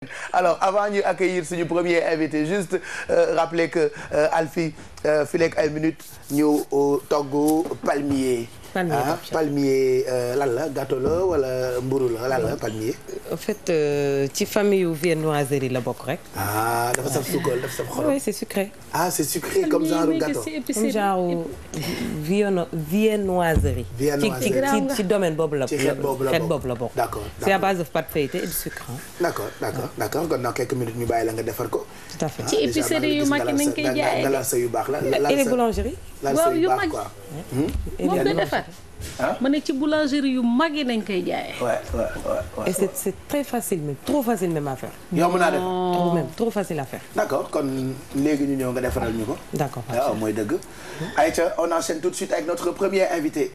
alors avant ñu accueillir suñu premier invité juste euh, rappeler que alfi euh, Alfie euh, fi lekk ay minutes ñu euh, togg palmier. palmier ah euh, lan la gâteau wala mburu la lan la palmier. en fait euh, ci famille yu viennoiserie la bokk rek. ah dafa saf sukkal dafa saf xorom. oui c'est sucré. ah c'est sucré comme genre gâteau. comme genre euh, vienno viennoiserie. viennoiserie ci ci domaine boobu la. ci xeet boobu la bokk xeet boobu la bokk. d'accord c'est à base de pâte feuilletée et de sucre. d'accord d'accord d'accord kon dans quelques minutes ñu bàyyi la nga defar ko. tout à fait ah, ci épicerie yu mag yi nañ koy jaayee. yu baax la. et les boulangeries. waaw yu mag moom nga defar. ma ne ci boulangerie yu mag yi nañ koy jaayee. waaw waaw et c'est c'est très facile même trop facile même à faire. yomb naa def trop même trop facile à ni d'accord kon léegi ñu ñëw nga defaral ñu ko. d'accord waaw ah, mooy dëgg. Mmh. Aïcha on enchaîne tout de suite avec notre premier invité.